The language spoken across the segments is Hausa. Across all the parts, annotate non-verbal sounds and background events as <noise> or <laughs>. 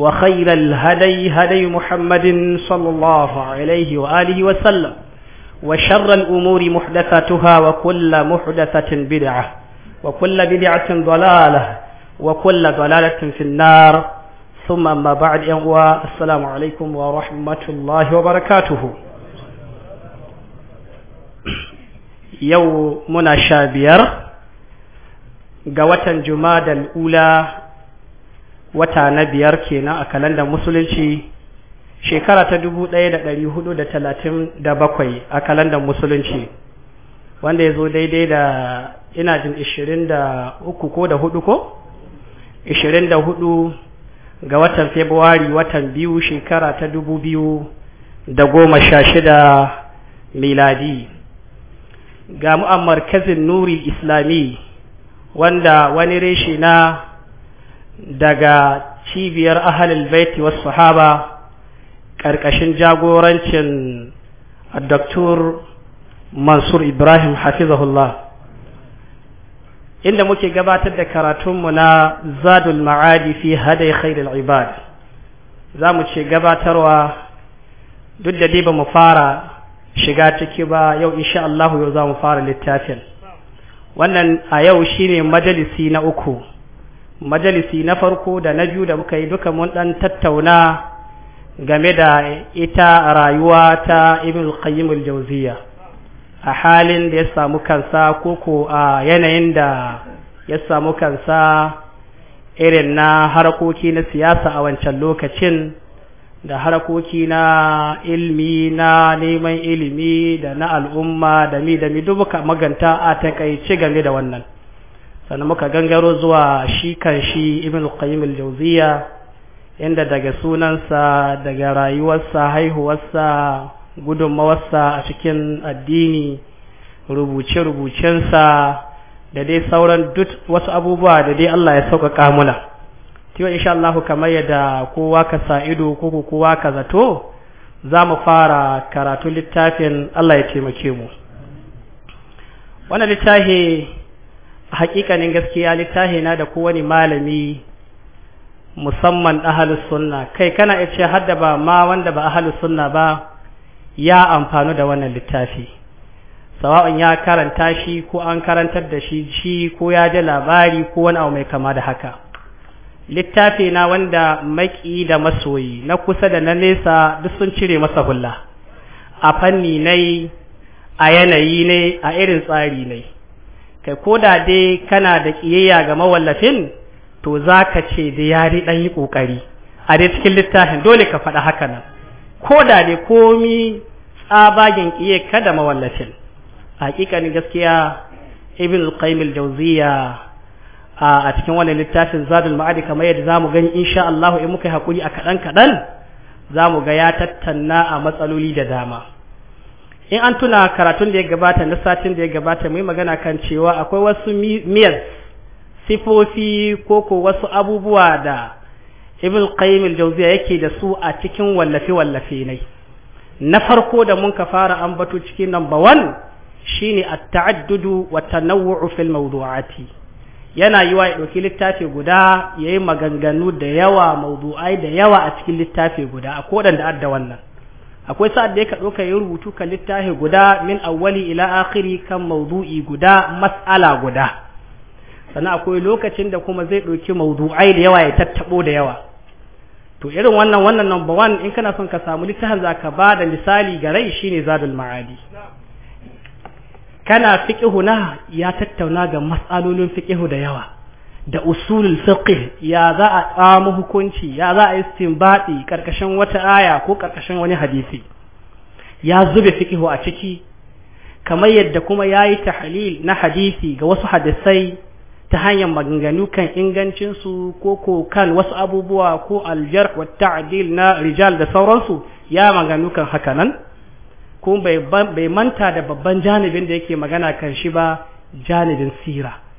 وخير الهدي هدي محمد صلى الله عليه وآله وسلم وشر الأمور محدثاتها وكل محدثة بدعة وكل بدعة ضلالة وكل ضلالة في النار ثم أما بعد السلام عليكم ورحمة الله وبركاته يوم منا شابير قوة جماد الأولى wata na biyar kenan a kalandar musulunci shekara ta dubu ɗaya da ɗari hudu da talatin da bakwai a kalandar musulunci wanda ya zo daidai da ina jin ishirin da uku ko da hudu ko ishirin da hudu ga watan februari watan biyu shekara ta dubu biyu da goma sha shida miladi ga mu'ammar kazin nuri islami wanda wani reshe na daga cibiyar ahalil baiti wasu sahaba ƙarƙashin jagorancin Dr. Mansur Ibrahim Hafizahullah inda muke gabatar da karatunmu na Zadul Ma'adi fi hadai khairul ibad za mu ce gabatarwa duk da dai ba mu fara shiga ciki ba yau insha Allah yau za mu fara littafin wannan a yau shine majalisi na uku majalisi na farko da na biyu da muka yi duka mun dan tattauna game da ita rayuwa ta ibn al-qayyim al-jawziya a halin da ya samu kansa koko a yanayin da ya samu kansa irin na harakoki na siyasa a wancan lokacin da harakoki na ilmi na neman ilimi da na al'umma da mi da mi duka maganta a takaice game da wannan sannan muka gangaro zuwa shi kan shi ibn qayyim al-jawziya inda daga sunansa daga rayuwarsa haihuwarsa gudunmawarsa a cikin addini rubuce-rubucensa da dai sauran duk wasu abubuwa da dai Allah ya sauƙaƙa muna tiwa insha Allah kamar yadda kowa ka sa ido ko kowa ka zato za mu fara karatu littafin Allah ya taimake mu wannan littafi hakikanin gaskiya littafi na da kowane malami musamman ahalus sunna kai kana iya ce hadda ba ma wanda ba ahalus sunna ba ya amfanu da wannan littafi sawa'un ya karanta shi ko an karantar da shi shi ko ya ji labari ko wani abu mai kama da haka littafi na wanda maki da masoyi na kusa da na nesa duk sun cire masa hula. a fanni ne a yanayi ne a irin tsari ne kai ko da dai kana da kiyayya ga mawallafin to za ka ce da yari ɗan yi ƙoƙari a dai cikin littafin dole ka faɗa haka nan ko da dai komi tsabagen ka da mawallafin hakikanin gaskiya ibn al-qayyim al-jawziya a cikin wannan littafin zadul ma'adi kamar yadda zamu gani insha Allah in muka yi hakuri a kaɗan kadan zamu ga ya tattanna a matsaloli da dama in an tuna karatun da ya gabata na satin da ya gabata mai magana kan cewa akwai wasu miyar sifofi ko ko wasu abubuwa da ibn qayyim al-jawziya yake da su a cikin wallafe wallafe ne na farko da mun ka fara ambato cikin number 1 shine at-ta'addudu wa tanawwu'u fil mawdu'ati yana yiwa ya dauki littafi guda yayi maganganu da yawa mawdu'ai da yawa a cikin littafi guda a kodan da adda wannan akwai sa'ad da ya kaɗo ka yi rubutu ka littafi guda min awwali ila akhiri kan maudu'i guda mas'ala guda sannan akwai lokacin da kuma zai ɗauki mawdu'ai da yawa ya tattaɓo da yawa to irin wannan wannan number one in kana son ka samu littafin za ka ba da misali ga rai shine zadul ma'adi kana fiqihu na ya tattauna ga mas'alolin fiqihu da yawa da usulul fiqh ya za a tsamu hukunci ya za a istinbati karkashin wata aya ko karkashin wani hadisi ya zube fiqhu a ciki kamar yadda kuma yayi tahlil na hadisi ga wasu hadisai ta hanyar maganganu kan ingancin su ko ko kan wasu abubuwa ko aljar wa ta'dil na rijal da sauransu ya maganganu kan hakanan ko bai manta da babban janibin da yake magana kan shi ba janibin sira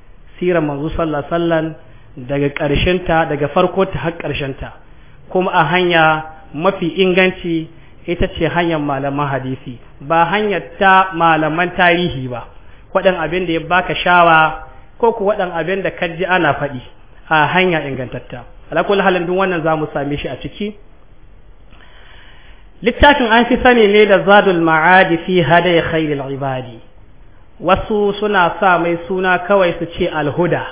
sirar manzo sallallahu sallan daga ƙarshenta daga farko ta har ƙarshenta kuma a hanya mafi inganci ita ce hanyar malaman hadisi ba hanyar ta malaman tarihi ba waɗan abin da ya baka shawa ko ku waɗan abin da ka ji ana faɗi a hanya ingantatta alakul halin duk wannan za mu same shi a ciki littafin an fi sani ne da zadul ma'adi fi hadai khairil ibadi wasu suna sa mai suna kawai su ce alhuda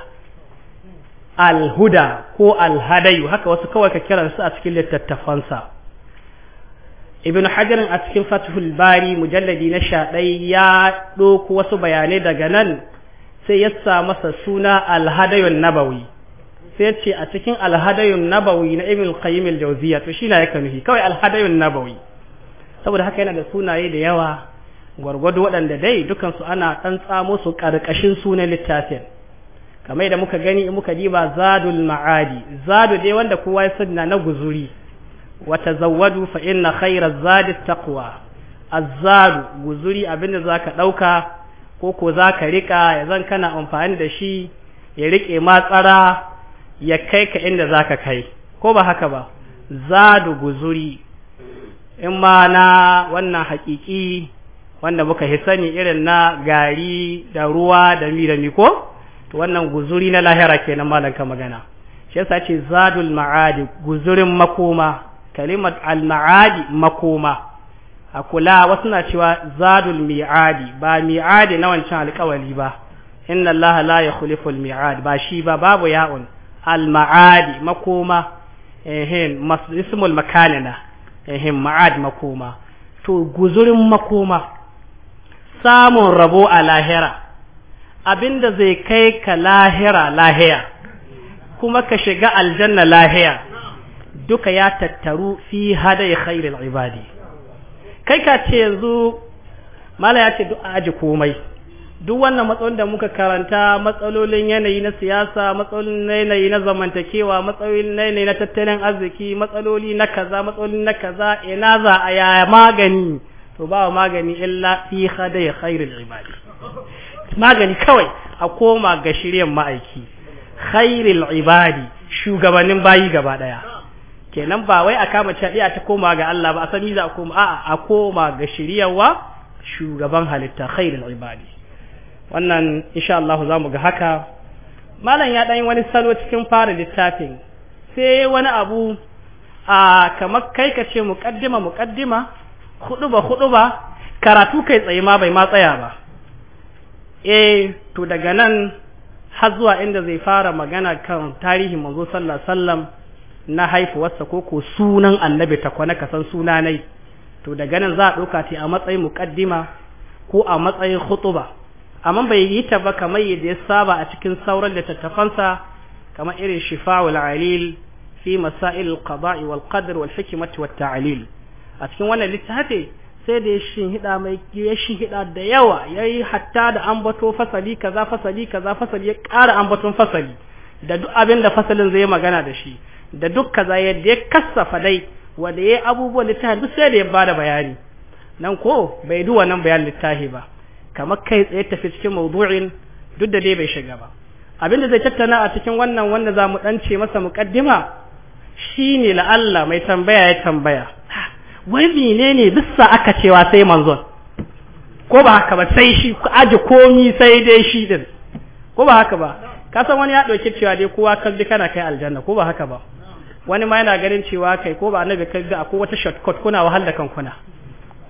alhuda ko alhadayu haka wasu kawai ka kiransu a cikin littattafansa ibn hajarin a cikin fatihul bari mujalladi na shaɗai ya ɗoku wasu bayanai daga nan sai ya sa masa suna alhadayun nabawi sai ya ce a cikin alhadayun nabawi na ibn qayyim al-jawziyya to shi na yake nufi kawai alhadayun nabawi saboda haka yana da sunaye da yawa gwargwado waɗanda dai dukansu ana ɗan tsamo su ƙarƙashin sunan littafin kamar da muka gani in muka diba zadul ma'adi zadu dai wanda kowa ya sunna na guzuri Wata zawadu fa inna khaira zadi taqwa azzadu guzuri abinda zaka ɗauka ko ko zaka rika ya zan kana amfani da shi ya rike matsara ya kai ka inda zaka kai ko ba haka ba zadu guzuri in ma na wannan haƙiƙi wanda muka fi sani irin na gari da ruwa da mi da miko. to wannan guzuri na lahira kenan malam ka magana shi yasa ce zadul ma'adi guzurin makoma kalimat al ma'adi makoma a kula wasu na cewa zadul mi'adi ba mi'adi na wancan alƙawari ba inna Allah la yukhlifu al mi'ad ba shi ba babu ya'un al ma'adi makoma ehin ismul makanina ehin ma'ad makoma to guzurin makoma samun rabo a lahira abinda zai kai ka lahira lahiya kuma ka shiga aljanna lahiya duka ya tattaru fi hadai khairul ibadi kai ka ce yanzu mala ya ce duk aji komai duk wannan matsalolin da muka karanta matsalolin yanayi na siyasa matsalolin yanayi na zamantakewa matsalolin yanayi na tattalin arziki matsaloli na kaza matsaloli na kaza ina za a yaya magani to ba magani illa fi hadai khairul ibadi magani kawai a koma ga shiryen ma'aiki khairul ibadi shugabannin bayi gaba daya kenan ba wai a kama cadiya ta koma ga Allah ba a sani za a koma a'a a koma ga shiryawa shugaban halitta khairul ibadi wannan insha Allah zamu ga haka malam ya dan wani salo cikin fara littafin sai wani abu a kamar kai ka ce muqaddima muqaddima hudu ba hudu ba karatu kai tsaye ma bai ma tsaya ba eh to daga nan har zuwa inda zai fara magana kan tarihin manzo sallallahu sallam na haifuwarsa ko ko sunan annabi takwana ka san suna nai to daga nan za a ɗauka ta a matsayin muƙaddima ko a matsayin khutuba amma bai yi ta ba kamar yadda ya saba a cikin sauran littattafansa kamar irin shifa'ul alil fi masail al-qada'i wal qadr wal hikmati wat ta'lil a cikin wannan littafi sai da ya shinhida mai ya shinhida da yawa yayi hatta da ambato fasali kaza fasali kaza fasali ya ƙara ambaton fasali da duk abin da fasalin zai magana da shi da duk kaza yadda ya kassafa dai wanda yayi abubuwan littafi duk sai da ya bada bayani nan ko bai duwa nan bayan littafi ba kamar kai tsaye tafi cikin mawdu'in duk da dai bai shiga ba Abin da zai tattauna a cikin wannan wanda zamu dance masa muqaddima shine la'alla mai tambaya ya tambaya wai menene bisa aka cewa sai manzon ko ba haka ba sai shi aji komi sai dai shi din ko ba haka ba ka san wani ya dauki cewa dai kowa kan bi kana kai aljanna ko ba haka ba wani ma yana ganin cewa kai ko ba annabi kai ga akwai wata shortcut kuna wahal da kankuna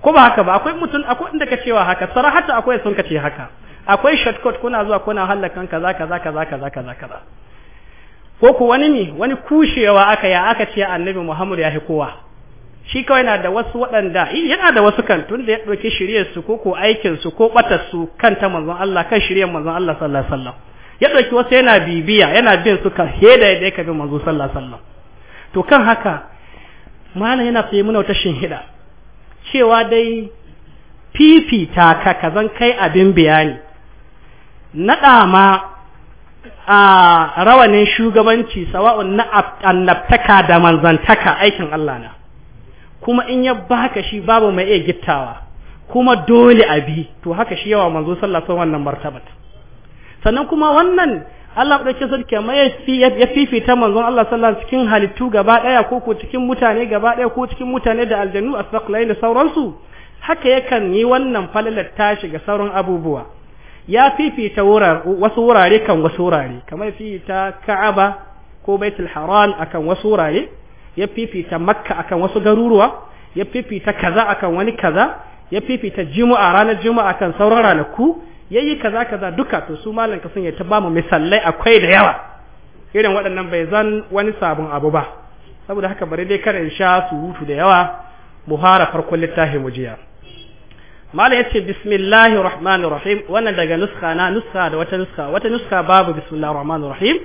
ko ba haka ba akwai mutum akwai inda ka cewa haka sarahata akwai sun ka ce haka akwai shortcut kuna zuwa kuna hallakan kaza kaza kaza kaza kaza kaza ko ku wani ne wani kushewa aka ya aka ce annabi Muhammad ya hi kowa shi kawai na da wasu waɗanda yana da wasu kan tun da ya ɗauki shiryar su ko ko aikin su ko ɓata su kan ta manzon Allah kan shiryar manzon Allah sallallahu alaihi ya ɗauki wasu yana bibiya yana bin su kan heda yadda ya kabi manzon sallallahu alaihi to kan haka malam yana sai muna wata shinhida cewa dai fifita ka kazan kai abin bayani naɗa ma a rawanin shugabanci sawa'un na annabtaka da manzantaka aikin Allah na kuma in ya baka shi babu mai iya gittawa kuma dole a bi to haka shi yawa manzo sallallahu alaihi wannan martaba. sannan kuma wannan Allah ɗauke sarki amma ya fifita manzon Allah sallallahu cikin halittu gaba ɗaya ko ko cikin mutane gaba ɗaya ko cikin mutane da aljanu asfaqlain da sauransu haka yakan yi wannan falalar tashi ga sauran abubuwa ya fifita wasu wurare kan wasu wurare kamar fifita Ka'aba ko Baitul Haram akan wasu wurare ya fifita makka akan wasu garuruwa ya fifita kaza akan wani kaza ya fifita juma'a ranar juma'a kan sauran ranaku yayi kaza kaza duka to su malanka sun ya ta bamu misalai akwai da yawa irin waɗannan bai zan wani sabon abu ba saboda haka bari dai karin sha surutu da yawa muhara farkon littafi jiya malam yace bismillahir rahmanir rahim wannan daga nuska na nuska da wata nuska wata nuska babu bismillahir rahmanir rahim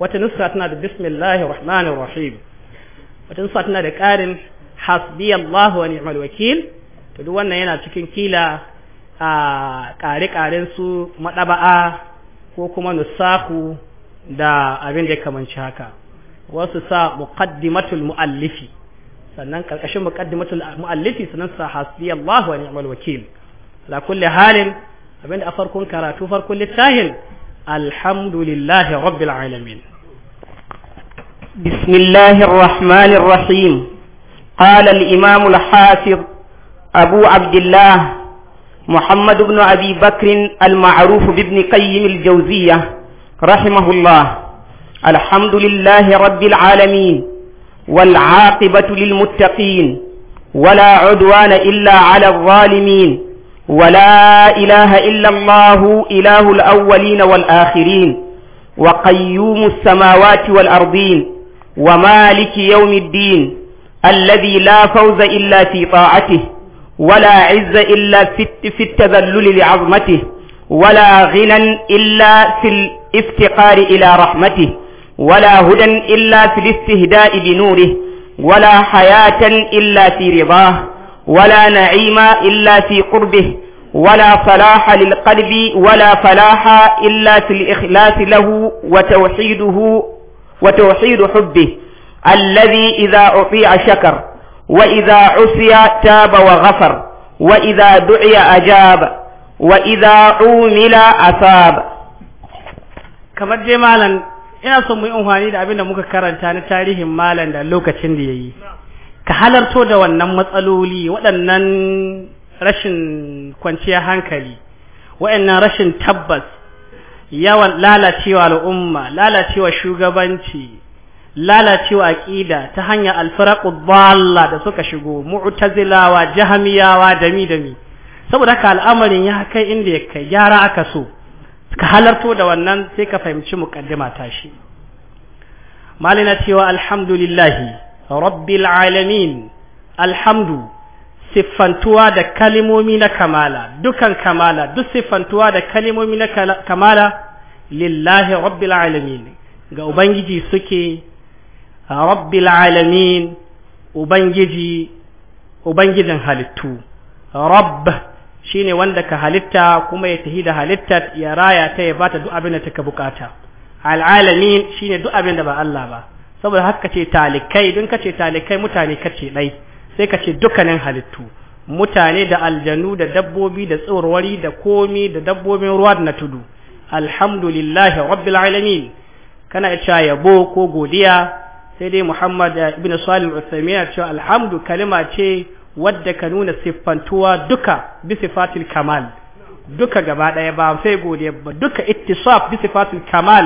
wata nuska tana da bismillahir rahmanir rahim wata sa tana da ƙarin hasbiyallahu wa ni'mal wakil to duk wannan yana cikin kila a ƙare-ƙaren su maɗaba'a ko kuma nusaku da abin da ya kamanci haka wasu sa muqaddimatul muallifi sannan karkashin muqaddimatul muallifi sannan sa hasbiyallahu wa ni'mal wakil ala kulli halin abinda a farkon karatu farkon littafin alhamdulillahi rabbil alamin بسم الله الرحمن الرحيم قال الإمام الحافظ أبو عبد الله محمد بن أبي بكر المعروف بابن قيم الجوزية رحمه الله الحمد لله رب العالمين والعاقبة للمتقين ولا عدوان إلا على الظالمين ولا إله إلا الله إله الأولين والآخرين وقيوم السماوات والأرضين ومالك يوم الدين الذي لا فوز إلا في طاعته ولا عز إلا في التذلل لعظمته ولا غنى إلا في الافتقار إلى رحمته ولا هدى إلا في الاستهداء بنوره ولا حياة إلا في رضاه ولا نعيم إلا في قربه ولا صلاح للقلب ولا فلاح إلا في الإخلاص له وتوحيده وتوحيد حبه الذي إذا أطيع شكر وإذا عصي تاب وغفر وإذا دعي أجاب وإذا عومل أثاب كما جمالا ina son mu yi amfani da abin da muka karanta na tarihin malam da lokacin da ya yi ka halarto da wannan matsaloli waɗannan rashin kwanciyar hankali waɗannan rashin tabbas yawan lalacewa al'umma lalacewa shugabanci lalacewa aƙida ta hanyar alfaraqu dhalla da suka shigo mu'tazilawa jahmiyawa dami dami saboda haka al'amarin ya kai inda ya kai gyara aka so ka halarto da wannan sai ka fahimci muqaddima ta shi malina cewa alhamdulillahi rabbil alamin alhamdu siffantuwa da kalimomi na kamala dukan kamala duk siffantuwa da kalimomi na kamala lillahi rabbil alamin ga ubangiji suke rabbil alamin ubangiji ubangijin halittu rabb shine wanda ka halitta kuma ya tahi da halitta ya raya ta ya bata duk abin da take bukata alamin shine duk abin da ba Allah ba saboda haka ce talikai dun kace talikai mutane kace dai sai ka ce dukkanin halittu mutane da aljanu da dabbobi da tsorwari da komi da dabbobin ruwa na tudu alhamdulillahi rabbil alamin kana cewa yabo ko godiya sai dai Muhammad eh, ibn Salim Uthaymeen ya cewa alhamdu kalima ce wadda ka nuna siffantuwa duka bi sifatil kamal duka gaba daya ba sai godiya ba duka ittisaf bi sifatil kamal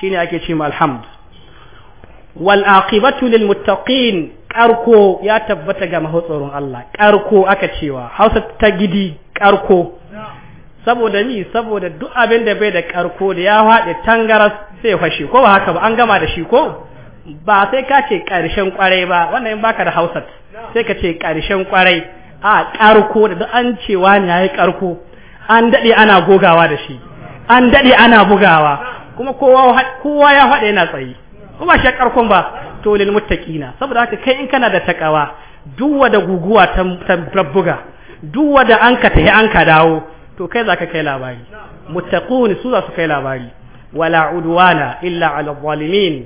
shine ake cewa alhamd wal aqibatu lil muttaqin ƙarko ya tabbata ga mahautsoron Allah ƙarko aka cewa hausa ta gidi ƙarko saboda ni saboda duk abin da bai da ƙarko da ya haɗe tangaras sai fashe ko ba haka ba an gama da shi ko ba sai ka ce ƙarshen ƙwarai ba wannan in baka da Hausa sai ka ce ƙarshen ƙwarai a ƙarko da duk an cewa ne ya yi ƙarko an daɗe ana gogawa da shi an daɗe ana bugawa kuma kowa ya haɗe yana tsaye kuma shi ƙarkon ba to lil muttaqina saboda haka kai in kana da takawa duwa da guguwa ta rabbuga duwa da an ka tahi an ka dawo to kai zaka kai labari muttaqun su za su kai labari wala udwana illa ala zalimin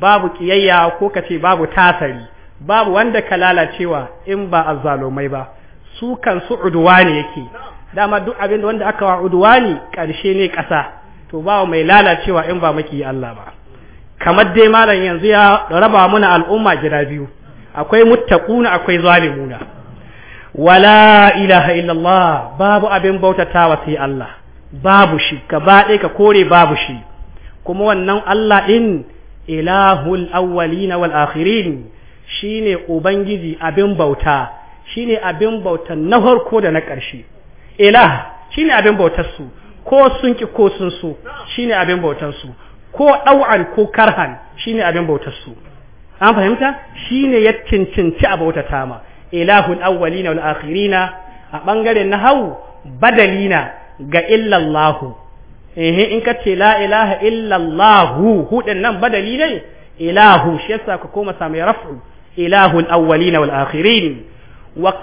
babu kiyayya ko kace babu tasari babu wanda ka lalacewa in ba azzalumai ba su kan su udwani yake dama duk abin da wanda aka wa udwani karshe ne kasa to ba mai lalacewa in ba maki Allah ba kamar dai malam yanzu ya raba muna al'umma gida biyu akwai muttaquna akwai zalimuna wala ilaha illallah babu abin bautatawa sai Allah babu shi gaba ɗaya ka kore babu shi kuma wannan Allah in ilahul awwalina wal akhirin shine ubangiji abin bauta shine abin bauta na farko da na ƙarshe ilah shine abin bautar su ko sun ki ko sun so shine abin bautar su ko ɗau'an ko karhan shine abin bautar su an fahimta shi ne ya cincinci a bauta tama ilahul awwalina wal akhirina a bangaren nahwu badalina ga illallahu eh in ka ce la ilaha illallahu hudin nan badali ne ilahu shi yasa ka koma samu raf'u ilahul awwalina wa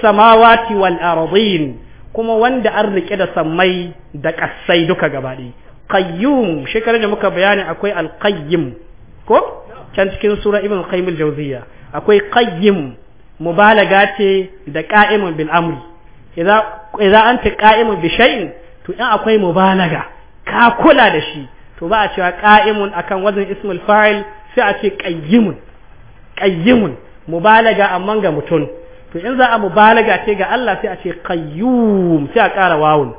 samawati wal ardin kuma wanda an rike da sammai da kassai duka gabaɗaya qayyum shekara da muka bayani akwai alqayyim ko can cikin sura ibn qayyim al-jawziya akwai qayyim mubalaga ce da qa'imun bil amri idan an anta qa'imun bi shay'in to in akwai mubalaga ka kula da shi to ba a cewa qa'imun akan wazan ismul fa'il sai a ce qayyimun qayyimun mubalaga amman ga mutun to in za a mubalaga ce ga Allah sai a ce qayyum sai a ƙara wawun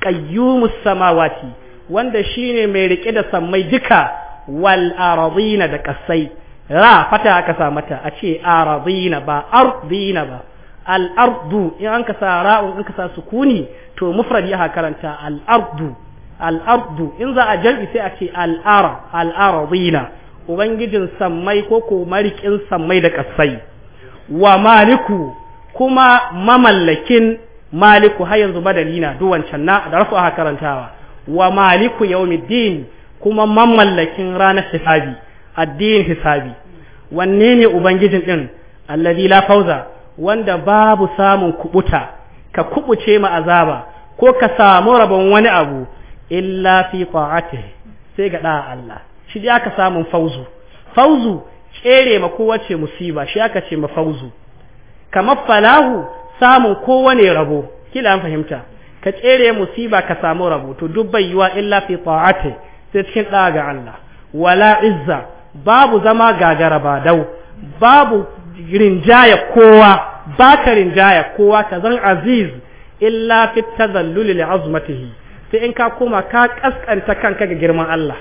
qayyumus samawati wanda shine mai rike da sammai duka wal aradina da kasai ra fata aka sa mata a ce aradina ba ardina ba al ardu in an ka sa ra'un in ka sa sukuni to mufrad ya karanta al ardu al ardu in za a jam'i sai a ce al ara al ubangijin sammai ko ko marikin sammai da kasai wa maliku kuma mamallakin maliku har yanzu badali na duwancan na da rasu aka karantawa wa maliku yawmiddin kuma mamallakin ranar hisabi addinin hisabi wanne ne ubangijin din allazi la fauza wanda babu samun kubuta ka kubuce ma azaba ko ka samu rabon wani abu illa fi ta'atihi sai ga da Allah shi da aka samun fauzu fauzu kere ma kowace musiba shi aka ce ma fauzu kamar falahu samun kowane rabo kila an fahimta ka tsere musiba ka samu rabo to duk bai yiwa illa fi ta'ati sai cikin da ga Allah wala izza babu zama gagara ba dau babu rinjaya kowa baka rinjaya kowa ka zan aziz illa fi tadallul li azmatihi sai in ka koma ka kaskanta kanka ga girman Allah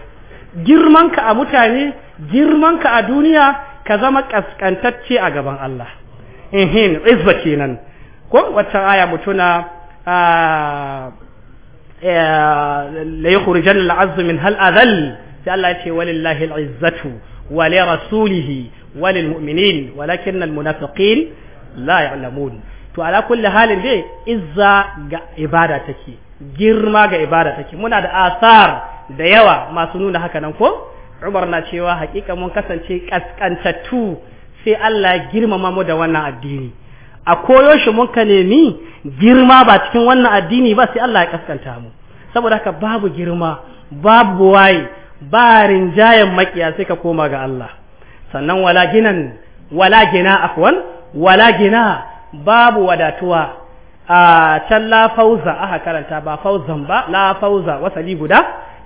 girman ka a mutane girman ka a duniya ka zama kaskantacce a gaban Allah ehin izba kenan ko wata aya mutuna la yukhrijan al min hal adhal sai Allah ce walillahi al-izzatu wa li rasulihi wa lil mu'minin walakin al-munafiqin la ya'lamun to ala kulli halin dai izza ga ibada take girma ga ibada take muna da asar da yawa masu nuna haka nan ko Umar na cewa hakika mun kasance kaskantattu sai Allah ya girmama mu da wannan addini a koyo shi mun ka nemi girma ba cikin wannan addini ba sai Allah ya kaskanta mu saboda haka babu girma babu wai ba rinjayen makiya sai ka koma ga Allah sannan wala ginan wala gina afwan wala gina babu wadatuwa a can la fauza aka karanta ba fauzan ba la fauza wasali guda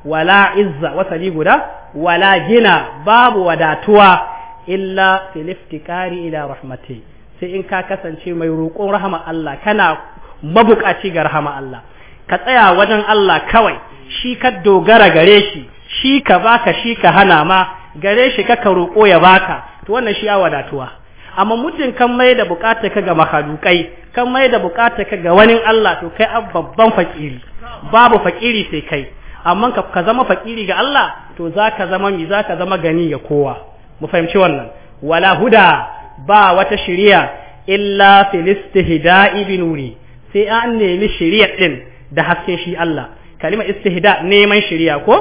wala izza wasali guda wala gina babu wadatuwa illa filiftikari ila rahmati sai in ka kasance mai roƙon rahama Allah kana mabukaci ga rahama Allah ka tsaya wajen Allah kawai shi ka dogara gare shi shi ka baka shi ka hana ma gare shi ka roƙo ya baka to wannan shi ya wadatuwa amma mutum kan mai da bukata ka ga mahalukai kan mai da bukata ka ga wani Allah to kai babban fakiri babu fakiri sai kai amma ka, ka zama fakiri ga Allah to ka zama mi zaka zama gani ga kowa mu fahimci wannan wala huda ba wata shari'a illa filistihida bi wuri sai an nemi shari'a din da hasken shi Allah kalimar istihida neman shari'a ko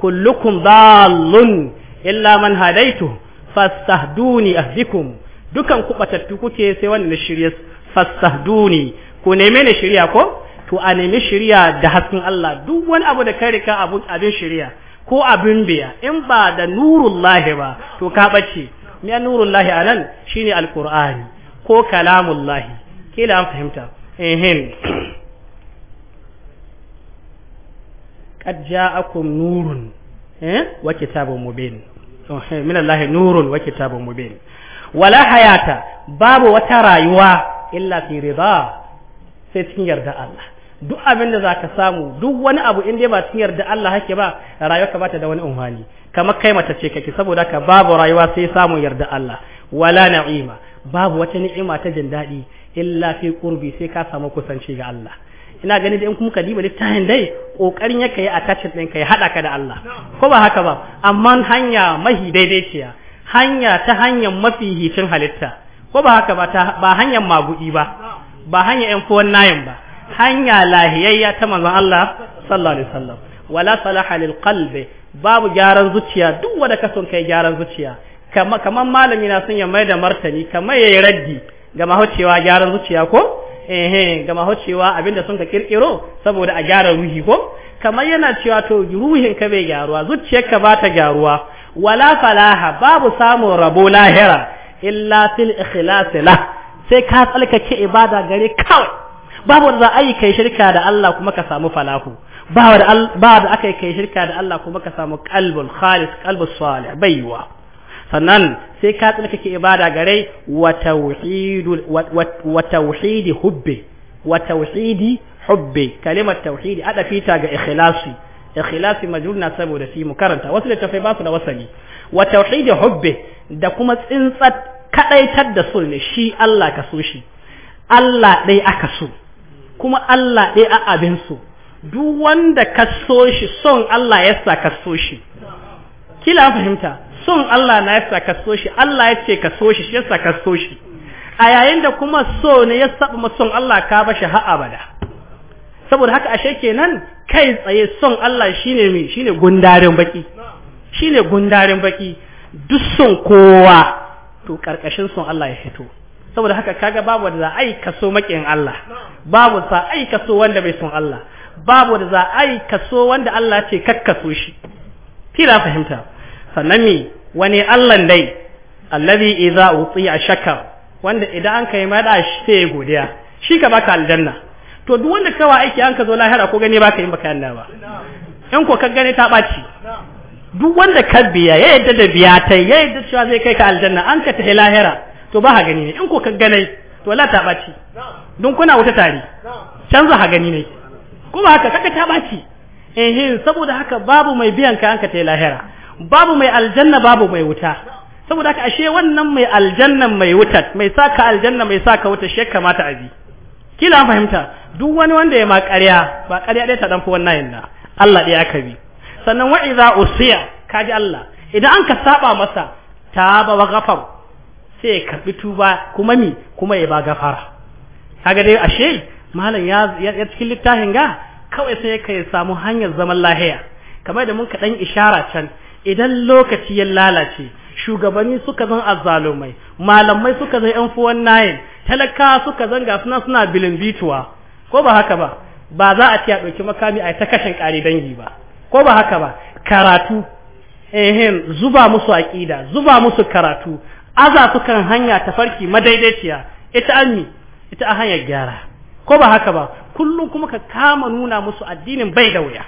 kullukum dallun illa man hadaitu fastahduni ahdikum dukan ku batattu kuke sai wani na shirya fastahduni ku neme ne shari'a ko to a nemi shari'a da hasken Allah duk wani abu da kai ka abin shari'a ko abin biya in ba da nurullahi ba to ka bace me nurullahi anan ne alqur'ani ko lahi kila an fahimta ehem qad ja'akum nurun eh wa kitabun mubin min allahi nurun wa kitabun mubin wala hayata babu wata rayuwa illa fi rida sai cikin yarda Allah duk abin da zaka samu duk wani abu in dai ba cikin yarda Allah hake ba rayuwarka ba ta da wani umfani kamar kai mata ce kake saboda ka babu rayuwa sai samun yarda Allah wala na'ima babu wata ni'ima ta jin daɗi illa fi qurbi sai ka samu kusanci ga Allah ina ganin da in kuma ka diba littafin dai kokarin ya kai attachment ɗin kai haɗa ka da Allah ko ba haka ba amma hanya mahi daidaiciya hanya ta hanyar mafi hicin halitta ko ba haka ba ba hanyar magudi ba ba hanyar yan fuwan nayin ba hanya lahiyayya ta manzon Allah sallallahu alaihi wasallam wala salaha lil qalbi babu gyaran zuciya duk wanda ka son kai gyaran zuciya kaman malami na son ya mai da martani kamar yayi raddi ga mahaucewa gyaran zuciya ko eh ga mahaucewa abinda sun ka kirkiro saboda a gyara ruhi ko kamar yana cewa to ruhin ka bai gyaruwa zuciyarka ba ta gyaruwa wala falaha babu samun rabo lahira illa fil ikhlas la sai ka tsalkake ibada gare kawai babu wanda za a yi kai shirka da Allah kuma ka samu falahu ba da aka yi kai shirka da Allah kuma ka samu qalbul khalis qalbus salih baiwa sannan sai ka tsina kake ibada gare wa wa tauhidi hubbi wa tauhidi hubbi kalimar tauhidi ada fita ga ikhlasi ikhlasi majruna saboda fi mukaranta wasu da tafai ba su da wasali wa tauhidi hubbi da kuma tsintsat kadaitar da ne shi Allah ka so shi Allah dai aka so kuma Allah ɗaya a abinsu duk wanda ka so shi son Allah ya sa ka so shi kila fahimta son Allah na ya sa ka so shi Allah ya ce ka so shi ya sa ka so shi a yayin da kuma so ne ya saba son Allah ka ba shi ba da, saboda haka ashe kenan kai tsaye son Allah shine me shine gundarin baki shine gundarin baki duk son kowa to ƙarƙashin son Allah ya fito saboda haka kaga babu da za a yi kaso makin Allah babu za a yi kaso wanda bai son Allah babu da za a yi kaso wanda Allah ce kakkaso shi kila fahimta sannan mi wani Allah dai allazi idza a shakar wanda idan an kai mada shi sai ya godiya shi ka baka aljanna to duk wanda kawa aiki an ka zo lahira ko gani baka yin baka yanda ba in ko ka gani ta baci duk wanda ka biya ya yadda da biya ta ya yadda cewa zai kai ka aljanna an ka tahi lahira to ba ha gani ne in ko ka ganai to Allah ta ɓaci don kuna wuta tare canza ha gani ne kuma haka kaka ta ɓaci eh saboda haka babu mai biyan ka anka tai lahira babu mai aljanna babu mai wuta saboda haka ashe wannan mai aljanna mai wuta mai saka aljanna mai saka wuta shi kamata a bi. kila fahimta duk wani wanda ya ma ƙarya ba ƙarya dai ta dan fi wannan yanda Allah dai aka bi sannan wa iza usiya kaji Allah idan an ka saba masa taba wa ghafar sai ya karbi tuba kuma mi kuma ya ba gafara kaga dai ashe malam ya ya cikin littafin ga kawai sai kai samu hanyar zaman lahiya kamar da mun ka dan ishara can idan lokaci ya lalace shugabanni suka zan azzalumai malamai suka zan yan fuwan nayin talaka suka zan ga suna suna bilin bituwa ko ba haka ba ba za a ci a ɗauki makami a ta kashin ƙari dangi ba ko ba haka ba karatu ehem zuba musu aƙida zuba musu karatu azafukan hanya tafarki madaidaiciya ita ita a hanyar gyara ko ba haka ba kullum kuma ka kama nuna musu addinin bai da wuya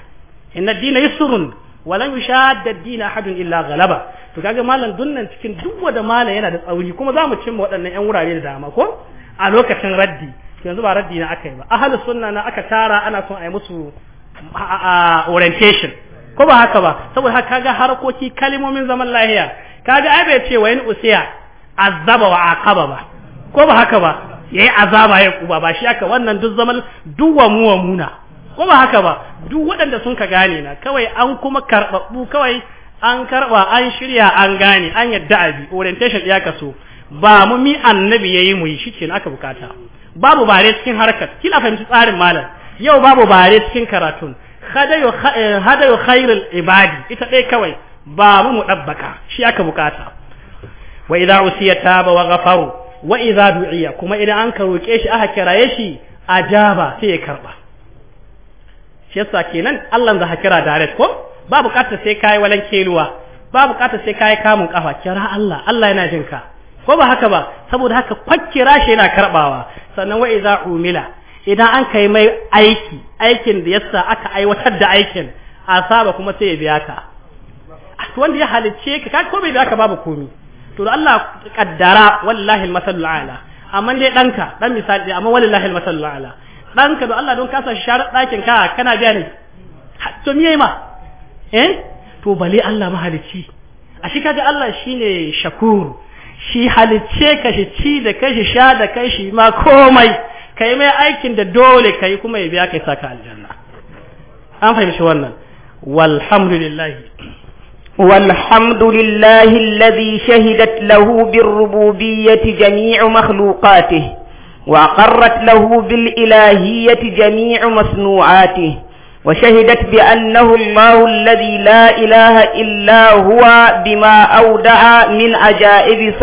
inna dina yusrun walan yushadda dina ahadun illa ghalaba to kaga malam dunnan cikin duk wanda malam yana da tsauri kuma za mu cimma waɗannan yan wurare da dama ko a lokacin raddi yanzu ba raddi na aka yi ba ahlus sunna na aka tara ana son a yi musu orientation ko ba haka ba saboda haka kaga harkoki kalimomin zaman lahiya kaga ai bai ce wa in usiya azaba wa aqaba ba ko ba haka ba yayi azaba ya kuba ba shi haka wannan duk zaman duk wa mu wa muna ko ba haka ba duk waɗanda sun ka gane na kawai an kuma karɓaɓɓu kawai an karɓa an shirya an gane an yadda abi orientation ya kaso ba mu mi annabi yayi mu yi shi aka bukata babu bare cikin harkar kila fahimci tsarin malam yau babu bare cikin karatun hadayu eh, khairul ibadi ita dai kawai Babu mu mudabbaka shi aka bukata wa idza usiya taba wa ghafaru wa idza du'iya kuma idan an karoke shi aka kiraye shi ajaba sai ya karba shi yasa kenan Allah za ka kira direct ko ba bukatar sai kai walan keluwa ba bukatar sai kai kamun kafa kira Allah Allah yana jin ka ko ba haka ba saboda haka kwakkira shi yana karbawa sannan wa idza umila idan an kai mai aiki aikin da yasa aka aiwatar da aikin asaba kuma sai ya biya ka to wanda ya halicce ka ka ko bai baka babu komi to Allah kaddara wallahi almasalul ala amma dai danka dan misali amma wallahi almasalul ala danka da Allah don kasa sharar dakin ka kana biya ne to miye ma eh to bale Allah mahalicci a shi kaga Allah shine shakur shi halicce ka shi ci da kai shi sha da kai shi ma komai kai mai aikin da dole kai kuma ya biya kai saka aljanna an fahimci wannan walhamdulillahi والحمد لله الذي شهدت له بالربوبية جميع مخلوقاته وأقرت له بالإلهية جميع مصنوعاته وشهدت بأنه الله الذي لا إله إلا هو بما أودع من عجائب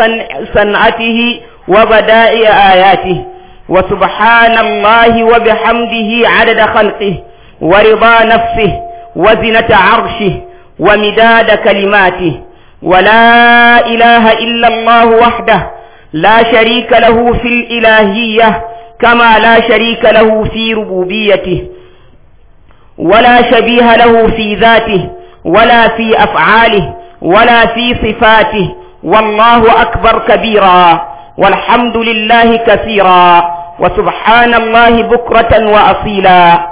صنعته وبدائع آياته وسبحان الله وبحمده عدد خلقه ورضا نفسه وزنة عرشه ومداد كلماته ولا إله إلا الله وحده لا شريك له في الإلهية كما لا شريك له في ربوبيته ولا شبيه له في ذاته ولا في أفعاله ولا في صفاته والله أكبر كبيرا والحمد لله كثيرا وسبحان الله بكرة وأصيلا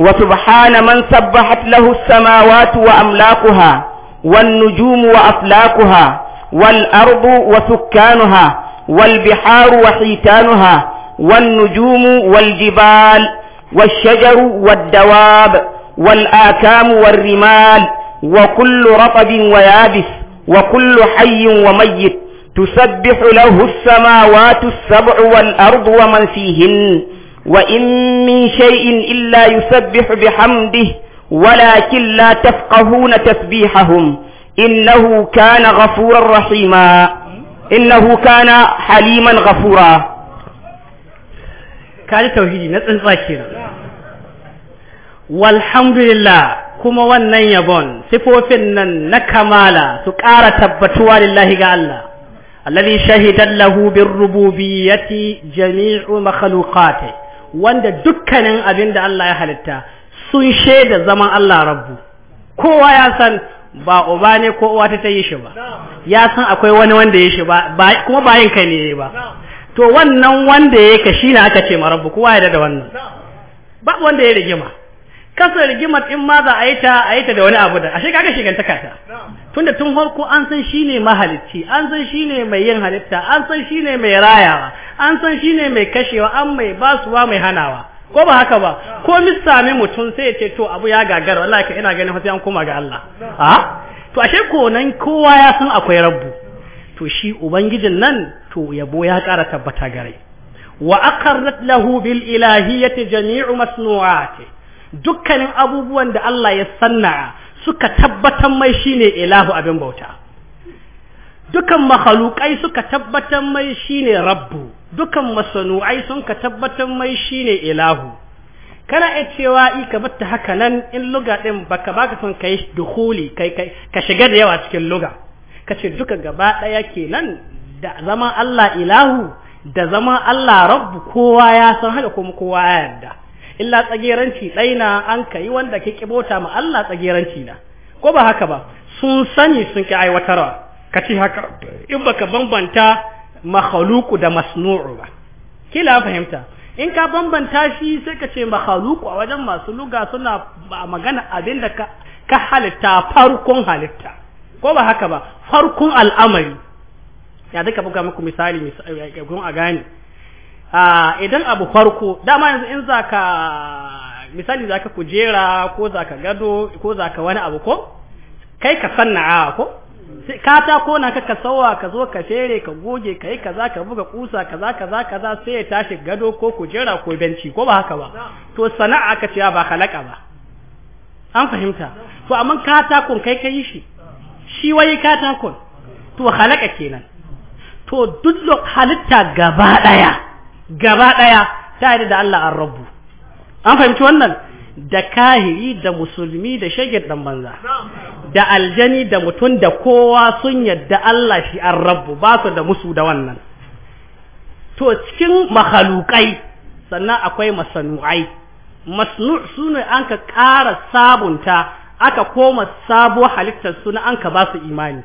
وسبحان من سبحت له السماوات وأملاكها والنجوم وأفلاكها والأرض وسكانها والبحار وحيتانها والنجوم والجبال والشجر والدواب والآكام والرمال وكل رطب ويابس وكل حي وميت تسبح له السماوات السبع والأرض ومن فيهن وإن من شيء إلا يسبح بحمده ولكن لا تفقهون تسبيحهم إنه كان غفورا رحيما إنه كان حليما غفورا كان توحيدي نتن ذاكرا والحمد لله كما ونن يبون سفوفن نكمالا سكارة تبتوا لله قال الذي شهد له بالربوبية جميع مخلوقاته wanda dukkanin abin da Allah ya halitta sun shaida zaman Allah rabbu kowa ya san ba uba ne ko uwa ta ta yi shi ba ya san akwai wani wanda ya shi ba kuma ba kai ne ba to wannan wanda ya ka na aka ce marabbu kowa ya da wannan ba wanda ya rigima kasar rigimar in ma za a yi ta ta da wani abu da ashe kaga ka ta tunda tun farko an san shine mahalicci an san shine mai yin halitta an san shine mai rayawa an san shine mai kashewa an mai basuwa mai hanawa ko ba haka ba ko sami mutum sai ya ce to abu ya gagara wallahi ka ina ganin sai an koma ga Allah a ah? to ashe ko nan kowa ya san akwai rabbu to shi ubangijin nan to yabo ya kara tabbata gare wa aqarrat lahu bil ilahiyyati jami'u masnu'ati dukkanin abubuwan da Allah ya sanna suka tabbatar mai shine ilahu abin bauta dukan mahalukai suka tabbatar mai shine rabbu dukan masanu'ai sun ka tabbatar mai shine ilahu kana iya cewa i ka batta haka nan in luga din baka baka son kai yi kai kai ka shiga da yawa cikin luga kace duka gaba daya kenan da zama Allah ilahu da zama Allah rabbu kowa ya san haka kuma kowa ya yarda illa tsageranci ɗai na an ka yi wanda ke kibota ma Allah tsageranci na ko ba haka ba sun sani sun ki aiwatarwa ka ci haka in baka bambanta makhaluku da masnu'u ba kila fahimta in ka bambanta shi sai ka ce makhaluku a wajen masu luga suna magana abinda da ka, ka halitta farkon halitta ko ba haka ba farkon al'amari ya duka buga muku misali kun a gani Ah, idan abu farko dama yanzu in ka, misali za ka kujera ko za ka gado ko za ka wani abu ko kai ka sanna'a ah, ko kata ko na ka sauwa ka zo ka fere ka goge ka yi kaza ka buga kusa kaza kaza kaza sai ya tashi gado ko kujera ko benci ko ba haka ba to sana'a ka cewa ah, ba halaka ba an fahimta to amma katakon kai ka yi shi shi waye katakon to halaka kenan to duk halitta gaba daya gaba ɗaya ta yi da Allah an rabu an fahimci wannan da kahiri da musulmi da shagir ɗan banza da aljani da mutum da kowa sun yadda Allah shi an rabu ba su da musu da wannan to cikin mahalukai sannan akwai masanu'ai masnu' sune an ka ƙara sabunta aka koma sabo halittar suna an ka ba su imani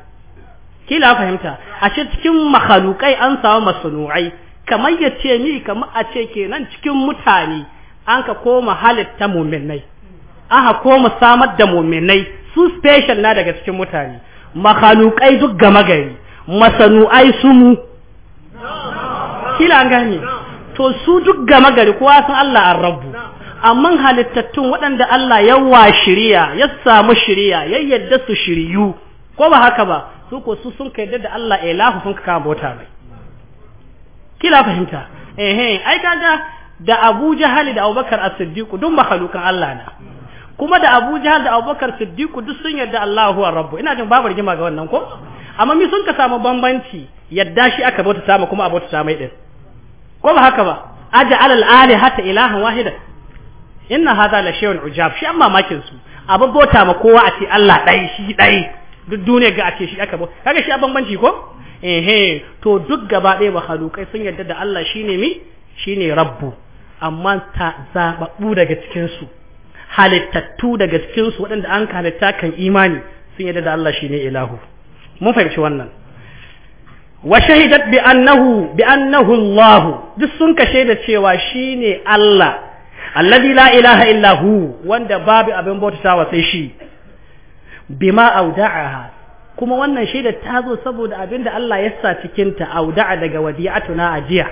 kila fahimta a cikin mahalukai an samu masanu'ai kamar ya ce ni kamar a ce kenan cikin mutane an ka koma halitta muminai an ka koma samar da muminai su special na daga cikin mutane makhalukai duk gama gari masanu'ai su mu kila gani to su duk gama gari kowa san Allah an rabu amma halittattun waɗanda Allah yawa shirya ya samu shirya ya yadda su shiryu ko ba haka ba su ko su sun ka yadda da Allah ilahu sun ka kama bauta mai kila fahimta eh ai kaga da Abu Jahal da Abubakar As-Siddiq duk makhlukan Allah na kuma da Abu Jahal da Abubakar Siddiq duk sun yarda Allahu huwa Rabbu ina jin babar jima ga wannan ko amma mi sun ka samu bambanci yadda shi aka bauta sama kuma abota sama din ko ba haka ba aj'al al hatta ilahan wahida inna hadha la shay'un ujab shi amma makin su abu bauta ma kowa a ce Allah ɗai shi ɗai duk duniya ga a ce shi aka bauta kaga shi a bambanci ko ehe to duk gaba ɗaya halukai sun yarda da Allah shi ne mi shi ne rabbu amma ta zababbu daga cikinsu halittattu daga cikinsu waɗanda an halitta kan imani sun yarda da Allah shi ne ilahu mun fahimci wannan wa shahidat bi annahu bi annahu Allah duk sun kashe da cewa shi ne Allah alladhi la ilaha illa wanda babu abin bautawa sai shi bima auda'aha kuma wannan da ta zo saboda abinda Allah ya sa cikin ta auda'a daga wadi'atuna ajiya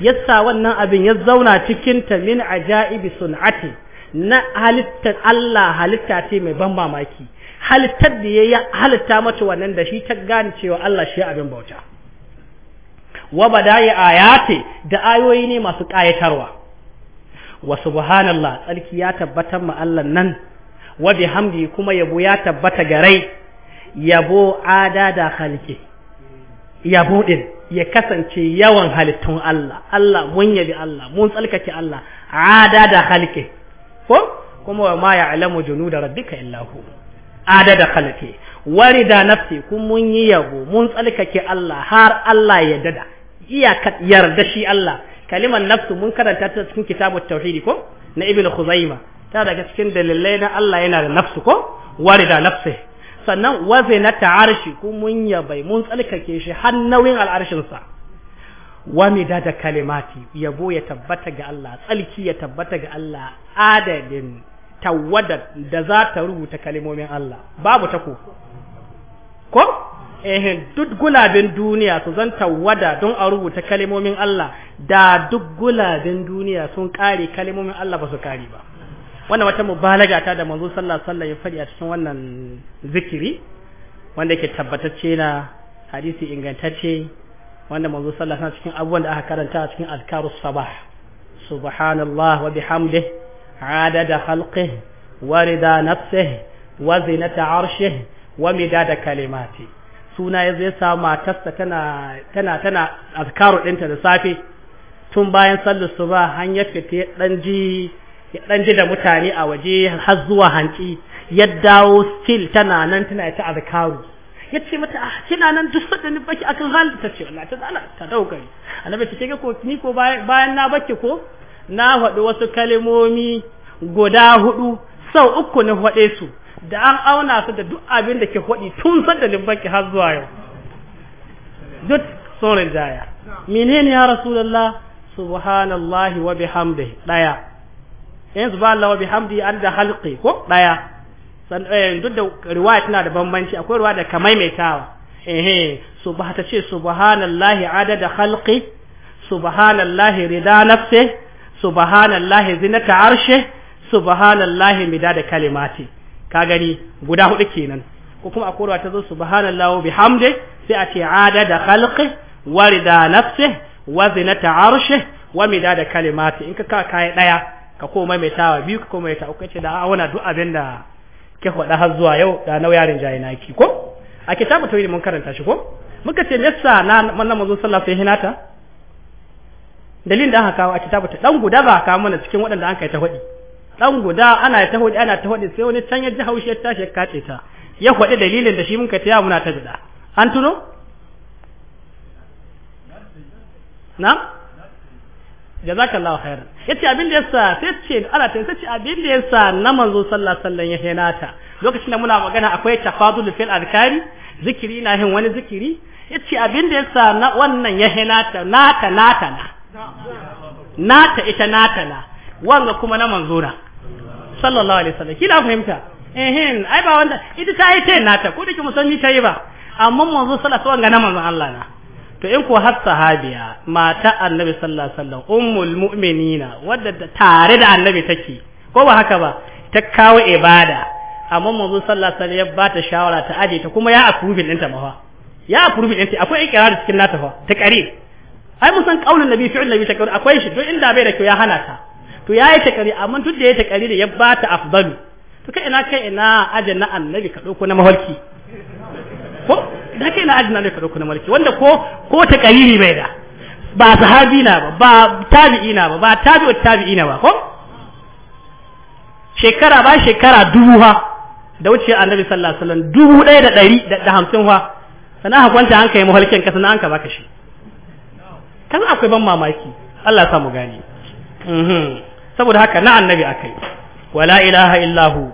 yasa wannan abin ya zauna cikin ta min ajaibi sun'ati na halittar Allah halitta ce mai ban mamaki halittar da ya halitta mata wannan da shi ta gane cewa Allah shi abin bauta wa badai ayati da ayoyi ne masu kayatarwa wa subhanallah tsarki ya tabbatar ma Allah nan wa bihamdi kuma yabo ya tabbata garai yabo ada da halki yabo din ya kasance yawan halittun Allah Allah mun yabi Allah mun tsalkake Allah ada da halki ko kuma wa ma ya'lamu junuda rabbika illa hu ada da halki warida nafsi kun mun yi yabo mun tsalkake Allah har Allah ya dada iyaka yarda shi Allah kaliman nafsu mun karanta ta cikin kitabut tauhidi ko na ibnu khuzaima ta daga cikin dalilai na Allah yana da nafsu ko warida nafsi sannan na ta'arshi ku mun yabai mun tsalkake shi har nauyin al'arshin sa da midada kalimati yabo ya tabbata ga Allah tsalki ya tabbata ga Allah adadin tawada da za ta rubuta kalimomin Allah babu tako ko eh duk gulabin duniya su zan tawada don a rubuta kalimomin Allah da duk gulabin duniya sun kare kalimomin Allah ba su kare ba wannan wata mubalaga ta da manzo sallallahu alaihi wasallam ya fadi a cikin wannan zikiri wanda yake tabbatacce na hadisi ingantacce wanda manzo sallallahu alaihi wasallam cikin abubuwan da aka karanta a cikin azkarus sabah subhanallah wa bihamdihi adada khalqihi wa rida nafsihi wa zinata arshihi wa midada kalimati suna ya zai sa matarsa tana tana tana azkaru dinta da safe tun bayan sallar suba han ya fita ɗan ji ya ɗan ji da mutane a waje har zuwa hanci ya dawo still tana nan tana ta azkaru ya ce mata ah kina nan duk sadda ni baki akan hal ta ce wallahi ta zala ta ni annabi ta ce ko ni ko bayan na baki ko na faɗi wasu kalmomi guda hudu sau uku na faɗe su da an auna su da duk abin da ke faɗi tun sadda ni baki har zuwa yau duk sun jaya menene ya rasulullah subhanallahi wa bihamdihi daya in subhanallahi wa bihamdi an da halqi ko daya san eh duk da riwaya tana da bambanci akwai riwaya da kamaimaitawa ehe subha ta ce subhanallahi adada halqi subhanallahi rida nafsi subhanallahi zinata arshi subhanallahi midada kalimati ka gani guda hudu kenan ko kuma akwai riwaya ta zo subhanallahi bihamdi sai a ce adada halqi warida nafsi wa zinata arshi wa midada kalimati in ka ka kai daya ka koma mai tawa biyu ka koma mai tawa kace da a wani duk abin da ke faɗa har zuwa yau da nau yarin jayi ki ko a kitabu tawili mun karanta shi ko muka ce nessa na mannan manzon sallallahu alaihi wasallam dalilin da aka kawo a kitabu ta dan guda ba ka mana cikin waɗanda an kai ta hudi dan guda ana ta hudi ana ta hudi sai wani can ya ji haushi ya tashi ya kace ta ya faɗi dalilin da shi mun kai ta muna ta bida an tuno na jazakallahu khair yace abin da yasa sai ce ala ta sai abin da yasa na manzo sallallahu alaihi wasallam ya henata lokacin da muna magana akwai tafadul fil adkari zikiri na hin wani zikiri yace abin da yasa na wannan ya henata nata nata na nata ita nata na wanga kuma na na sallallahu alaihi wasallam kila fahimta eh ai ba wanda ita ta yi ta nata ko da ki musanni ta yi ba amma manzo sallallahu alaihi wasallam ga na manzo Allah na to in ko har sahabiya mata annabi sallallahu alaihi wasallam ummul mu'minina wadda tare da annabi take ko ba haka ba ta kawo ibada amma manzo sallallahu alaihi wasallam ya bata shawara ta aje ta kuma ya approve din ta mafa ya approve din ta akwai ikrar cikin nata fa ta kare ai mun san kaulin nabi fi'il nabi ta kare akwai shi duk inda bai da kyau ya hana ta to yayi ta kare amma duk da yayi ta kare da ya bata afdalu to kai ina kai ina aje na annabi ka dauko na mahalki na kai na adina laifin rukunin mulki wanda ko ko ta kariri bai da ba sahabi na ba ba tabi'i na ba ba tabi'u tabi'i na ba ko shekara ba shekara dubu ha da wuce annabi sallallahu alaihi wasallam dubu ɗaya da ɗari da hamsin ha sannan ha kwanta an kai muhalkin ka sannan an ka baka shi kan akwai ban mamaki Allah ya mu gani mhm. saboda haka na annabi akai wala ilaha illahu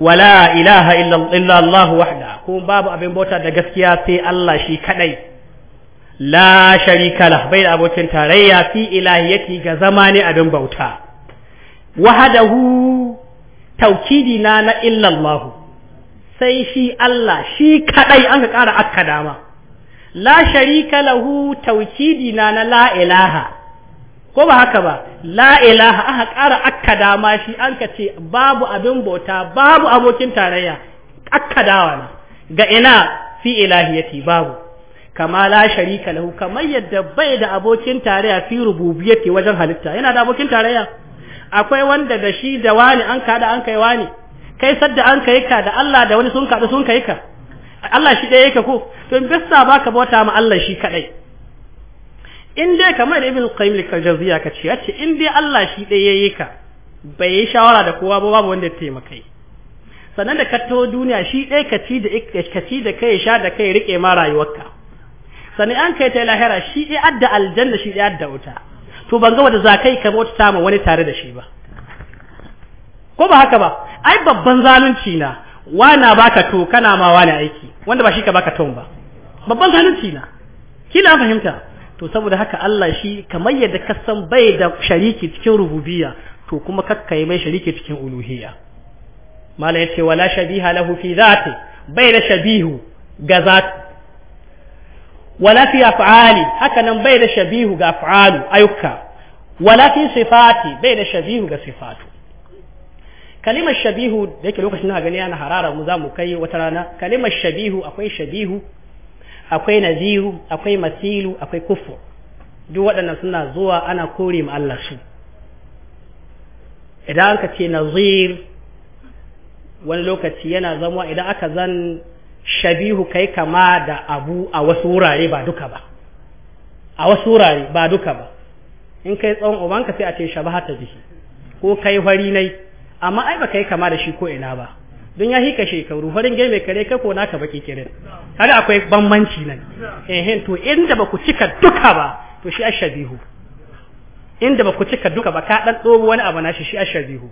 wala ilaha illa Allah wahda ko babu abin bauta da gaskiya sai Allah shi kadai la sharika lah bai da abokin tarayya fi ilahiyati ga zama ne abin bauta wahadahu taukidi na na illa Allah sai shi Allah shi kadai an ka kara akka dama la sharika lahu taukidi na na la ilaha ko ba haka ba la ilaha aka ƙara aka ma shi an ka ce babu abin bauta babu abokin tarayya aka dawa na ga ina fi ilahiyati babu kama la sharika lahu kamar yadda bai da abokin tarayya fi rububiyati wajen halitta yana da abokin tarayya akwai wanda da shi da wani an kada an kai wani kai sadda an kai ka da Allah da wani sun da sun kai ka Allah shi ɗaya yake ko to in bisa baka bauta ma Allah shi kadai in dai kamar da ibn qayyim al-jawziya ka ce yace in dai Allah shi dai yayi ka bai yi shawara da kowa ba babu wanda ya taimaka sannan da ka duniya shi dai ka ci da ka ci da kai sha da kai rike ma rayuwarka sannan an kai ta lahira shi dai adda aljanna shi dai adda wuta to ban ga wanda za kai ka mota ta ma wani tare da shi ba ko ba haka ba ai babban zalunci na wana baka to kana ma wani aiki wanda ba shi ka baka ton ba babban zalunci na kila fahimta to saboda haka Allah shi kamar yadda ka san bai da shariki cikin rububiyya to kuma yi mai shariki cikin uluhiyya mala yace wala shabiha lahu fi zati bai da shabihu ga zati wala fi af'ali haka nan bai da shabihu ga af'alu ayyuka wala fi sifati bai da shabihu ga sifatu kalimar shabihu da yake lokacin na gani yana harara mu za mu kai wata rana kalimar shabihu akwai shabihu akwai naziru akwai masilu akwai kufu duk waɗannan suna zuwa ana kore ma Allah su idan aka ce nazir wani lokaci yana zama idan aka zan shabihu kai kama da abu a wasu wurare ba duka ba a wasu wurare ba duka ba in kai tsawon ubanka sai a ce ta bihi ko kai fari nai amma ai ba kai kama da shi ko ina ba don ya hika shekaru farin gai mai kare kako naka baki kirin har akwai bambanci nan eh to inda ba ku cika duka ba to shi ashabihu inda ba ku cika duka ba ka dan dobo wani abu na shi shi ashabihu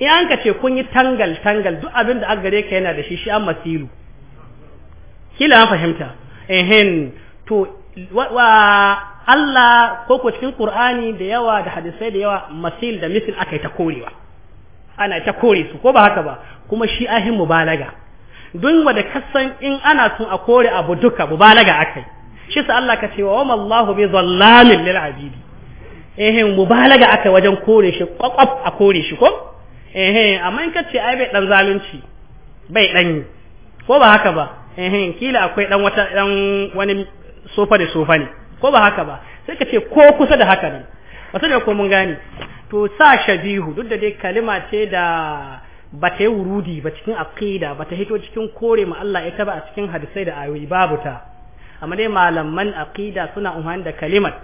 in an ka ce kun yi tangal tangal duk abin da aka gare ka yana da shi shi an masilu kila an fahimta eh to wa Allah ko ko cikin Qur'ani da yawa da hadisai da yawa masil da misil aka ta korewa ana ta kore su ko ba haka ba kuma shi ahin mubalaga duk wanda kasan in ana son a kore abu duka mubalaga akai shi sa Allah ka ce wa ma Allahu bi zallamin lil abidi eh mubalaga akai wajen kore shi kwakwaf a kore shi ko eh amma in ka ce ai bai dan zalunci bai dan yi ko ba haka ba eh kila akwai dan wata dan wani sofa da sofa ne ko ba haka ba sai ka ce ko kusa da haka ne wasu ne ko mun gane to sa shabihu duk da dai kalima ce da ba ta yi wurudi ba cikin aqida ba ta hito cikin kore ma Allah ita ba a cikin hadisai da ayoyi babu ta amma dai malaman aqida suna umarni da kalimar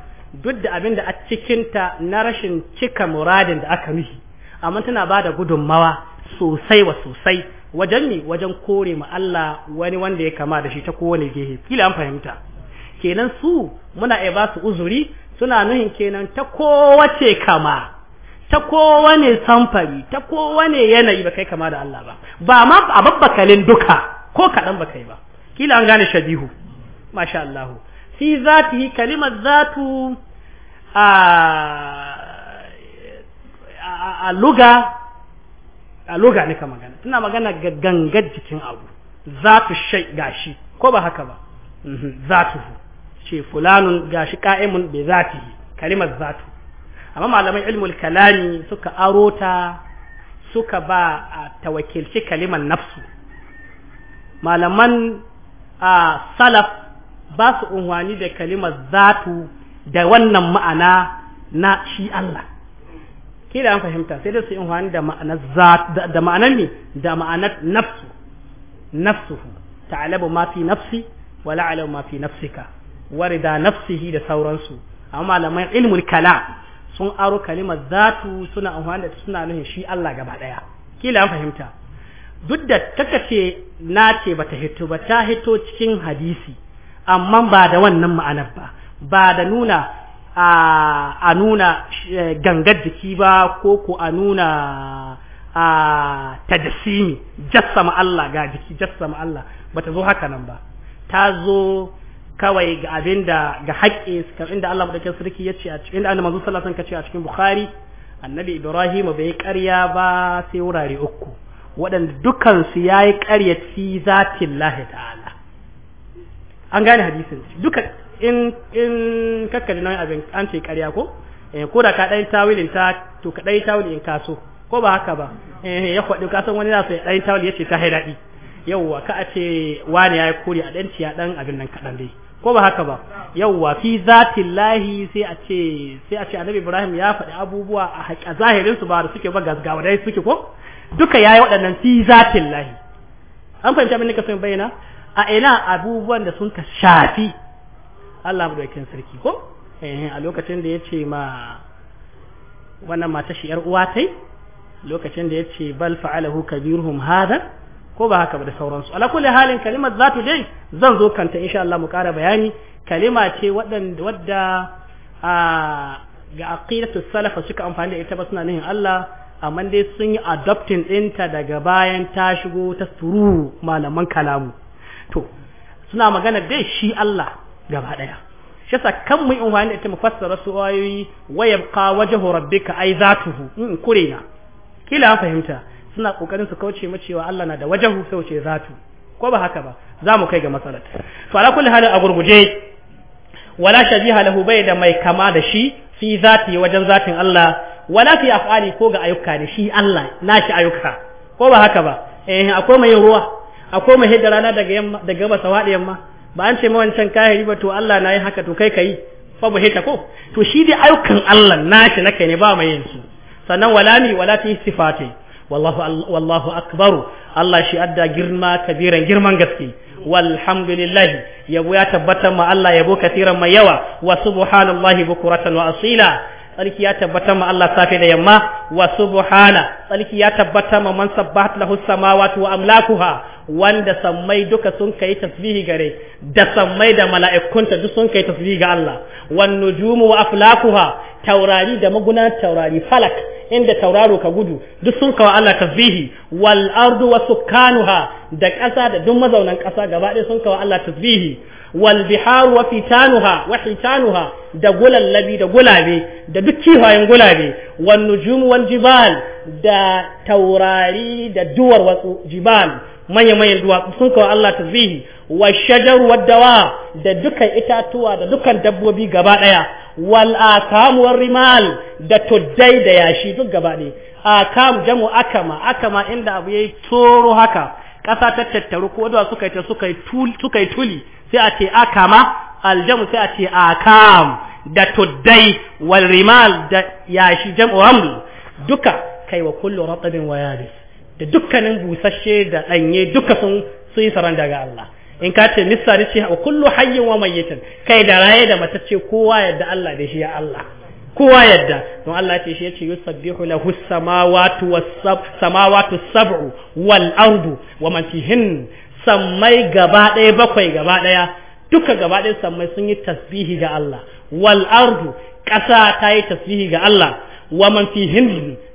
duk da abin da a cikin ta na rashin cika muradin da aka nuhi amma tana ba da gudummawa sosai wa sosai wajen ne wajen kore ma Allah wani wanda ya kama da shi ta kowane gehe kila an fahimta kenan su muna iya ba su uzuri suna nuhin kenan ta kowace kama ta kowane samfari ta kowane yanayi ba kai kama da Allah ba ba ma a babbakalin duka ko kaɗan ba kai ba kila an gane shabihu masha Allah fi yi kalimar zatu a luga a luga ka magana tana magana ga gangar jikin abu zatu shai gashi ko ba haka ba mhm, zatu ce fulanun gashi ka'imun bi yi kalimar zatu amma malaman ilmul kalami suka aro ta suka ba a tawakilci kaliman nafsu malaman a salaf ba su unwani da kalimar zatu da wannan ma'ana na shi Allah ke da an fahimta sai da su unwani da ma'anar zatu da ma'anar ne da ma'anar nafsu nafsuhu ta'alabu ma fi nafsi wa la'alabu ma fi nafsika warida nafsihi da sauransu amma malaman ilmul kalam sun aro kalimar zatu suna amfani da suna nuhin shi Allah gaba daya kila an fahimta duk da kaka ce na ce bata hito ba ta hito cikin hadisi amma ba da wannan ma'anar ba ba da nuna a nuna eh, gangar jiki ba ko ko a nuna a tadasimi jassama Allah ga jiki jassama Allah bata zo haka nan ba ta zo kawai ga abin da ga haƙƙi kamar inda Allah madaukakin sarki ya ce a cikin inda annabi sallallahu alaihi wasallam ce a cikin Bukhari annabi Ibrahim bai ƙarya ba sai wurare uku waɗanda dukkan su yayi ƙarya fi zatin Allah ta'ala an gane hadisin duka in in kakkari nan abin an ce ƙarya ko eh ko da ka dai tawilin ta to ka dai tawilin in kaso ko ba haka ba eh ya kwadi ka san wani na sai dai tawil yace ta haidadi yauwa ka a ce wani yayi kuri a danci ya dan abin nan kadan dai ko ba haka ba yawwa fi zatillahi sai a ce sai a ce annabi ibrahim ya faɗi abubuwa a zahirin su ba da suke ba gasgawa dai suke ko duka yayi waɗannan fi zatillahi an fahimci abin da ka son bayyana a ina abubuwan da sun ka shafi Allah kin sarki ko eh a lokacin da yace ma wannan mata shi yar uwa tai lokacin da yace bal fa'alahu kabiruhum hada ko ba haka ba da sauransu ala kulli halin kalimar zatu dai zan zo kanta insha Allah mu ƙara bayani kalima ce waɗanda wadda a ga aqidatu salafa suka amfani da ita ba suna nihin Allah amma dai sun yi adopting ɗinta daga bayan ta shigo ta suru malaman kalamu to suna magana dai shi Allah gaba ɗaya shi yasa kan mu in wani ita mufassara su ayoyi wa yabqa wajhu rabbika ay zatuhu in hmm, kurena kila fahimta suna kokarin su kauce mu cewa Allah na da wajahu sai wuce zatu ko ba haka ba za mu kai ga masalata to ala kulli halin a gurguje wala shabiha lahu bai da mai kama da shi fi zati wajen zatin Allah wala fi af'ali ko ga ayyuka ne shi Allah nashi ayyuka ko ba haka ba eh akwai mai ruwa akwai mai hidda rana daga yamma daga gaba sawadi yamma ba an ce mawancan kahiri ba to Allah na yi haka to kai kai fa bu hita ko to shi dai ayyukan Allah nashi nake ne ba mai yin su sannan wala ni wala fi sifati wallahu wallahu akbar Allah shi adda girma kabiran girman gaske walhamdulillah yabo ya tabbata ma Allah yabo katiran mai yawa wa subhanallahi bukuratan wa asila tsarki ya tabbata ma Allah safe da yamma wa subhana tsarki ya tabbata ma man sabbahat lahu samawati wa amlakuha wanda sammai duka sun kai tasbihi gare da sammai da mala'ikunta duk sun kai tasbihi ga Allah wan nujumu wa aflakuha taurari da maguna taurari falak inda tauraro ka gudu duk sun kawo Allah tasbihi wal ardu wa sukanuha da ƙasa da duk mazaunan ƙasa gaba ɗaya sun kawo Allah tasbihi wal bihar wa fitanuha wa hitanuha da gulallabi da gulabe da duk kifayen gulabe wan jiba da taurari da duwar wasu jibal manya manyan duwatsu sun kawo Allah tasbihi wa shajar wa dawa da duka itatuwa da dukan dabbobi gabaɗaya. daya wal akam rimal da tuddai da yashi duk gaba ne jamu akama akama inda abu yayi toro haka ƙasa ta tattaru ko da suka yi ta suka yi tuli sai a ce akama aljamu sai a ce akam da tuddai wal rimal da yashi jam'u hamlu duka kai wa kullu ratabin wa ne da dukkanin busasshe da danye duka sun sun yi saran daga Allah in ka ce misali ce wa kullu hayyin wa mayyitin kai da raye da matacce kowa yadda Allah da shi ya Allah kowa yadda don Allah ce shi yace yusabbihu lahu samawati was samawati sab'u wal ardu wa man sammai gaba ɗaya bakwai gaba ɗaya duka gaba ɗaya sammai sun yi tasbihi ga Allah wal ardu ƙasa ta yi tasbihi ga Allah wa man